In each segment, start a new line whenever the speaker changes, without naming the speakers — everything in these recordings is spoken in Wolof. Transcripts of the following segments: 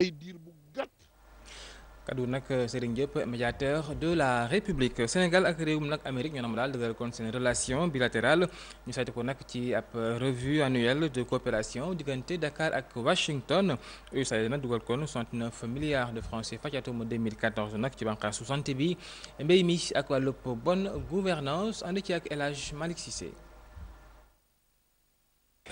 ay diir bu gàtt.
nag euh, Serigne Diop médiateur de la République Sénégal ak réewum nag Amérique ñoo nam daal dëggal kon seen relation bilatérale ñu saytu ko nag ci ab euh, revue annuelle de coopération diggante Dakar ak Washington USAID na dugal kon 69 milliards de francs CFA ci atum 2014 nag ci bànqaasu santé bi mbéy mi ak wàllub bonne gouvernance ànd ci ak El Hadj Malick Cissé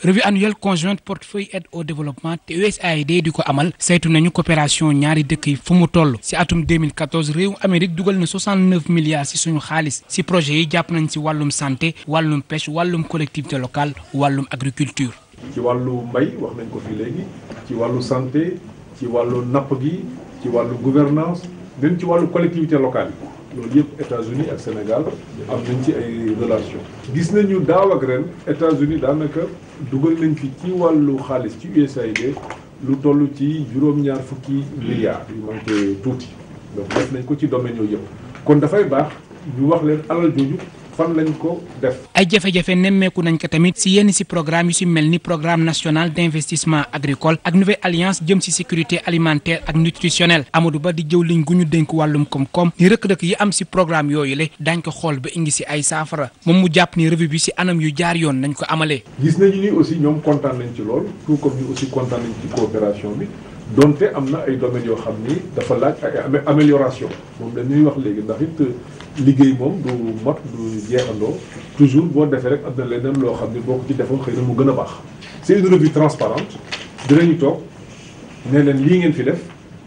revue annuelle conjointe portefeuille aide au développement te USAID di ko amal saytu nañu coopération ñaari dëkk yi fu mu toll si atum 2014 réewu Amérique dugal na 69 milliards si suñu xaalis si projet yi jàpp nañ si wàllum santé wàllum pêche wàllum collectivité locale
wàllum agriculture. ci wàllu mbay wax nañ ko fii léegi ci wàllu santé ci wàllu napp gi ci wàllu gouvernance même ci wàllu collectivité locale yi loolu yëpp états ak Sénégal am nañ ci ay relation gis nañu daaw ak ren États-Unis daanaka dugal nañ fi ci wàllu xaalis ci USAID lu toll ci juróom-ñaar fukki milliards yu manqué tuuti donc def nañ ko ci domaine yooyu yëpp kon dafay baax ñu wax leen alal jooju fan lañ ko def.
ay jafe-jafe nemmeeku nañ ko tamit si yenn si programme yu si mel ni programme national d' investissement agricole ak nouvelle alliance jëm si sécurité alimentaire ak nutritionnelle amatu Ba di jëw liñ gu ñu dénk wàllum koom-koom ni rëkk-rëkk yi am si programme yooyu la daañ ko xool ba indi si ay saafara moom mu jàpp ni revue bi si anam yu jaar yoon nañ ko amalee.
gis nañu ni aussi ñoom kontaan nañ ci lool tout comme ñu aussi kontaan donte am na ay domaines yoo xam ni dafa laaj ay amélioration moom dañuy wax léegi ndax it euh, liggéey moom du mat du jeexandoo toujours boo defee rek am na leneen loo xam ni boo ko ci defoon xëy na mu gën a baax c'est une revue transparente dinañu toog ne leen lii ngeen fi def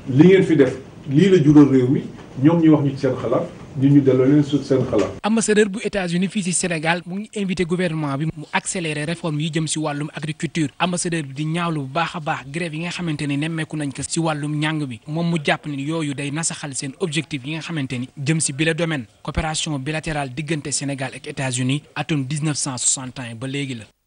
lii ngeen fi def lii la jural réew mi ñoom ñu wax ñu ci seen xalaat di ñu delloo leen suuf seen xalaat.
ambassadeur bu États-Unis fii ci Sénégal mu ngi invité gouvernement bi mu accélérer réforme yi jëm ci wàllum agriculture ambassadeur bi di ñaawlu bu baax a baax grève yi nga xamante ni nemmeeku nañ ko ci wàllum ñàng bi moom mu jàpp ni yooyu day nasaxal seen objectif yi nga xamante ni jëm ci bile domaine coopération bilatérale diggante Sénégal ak États-Unis atum 1961 ba léegi la.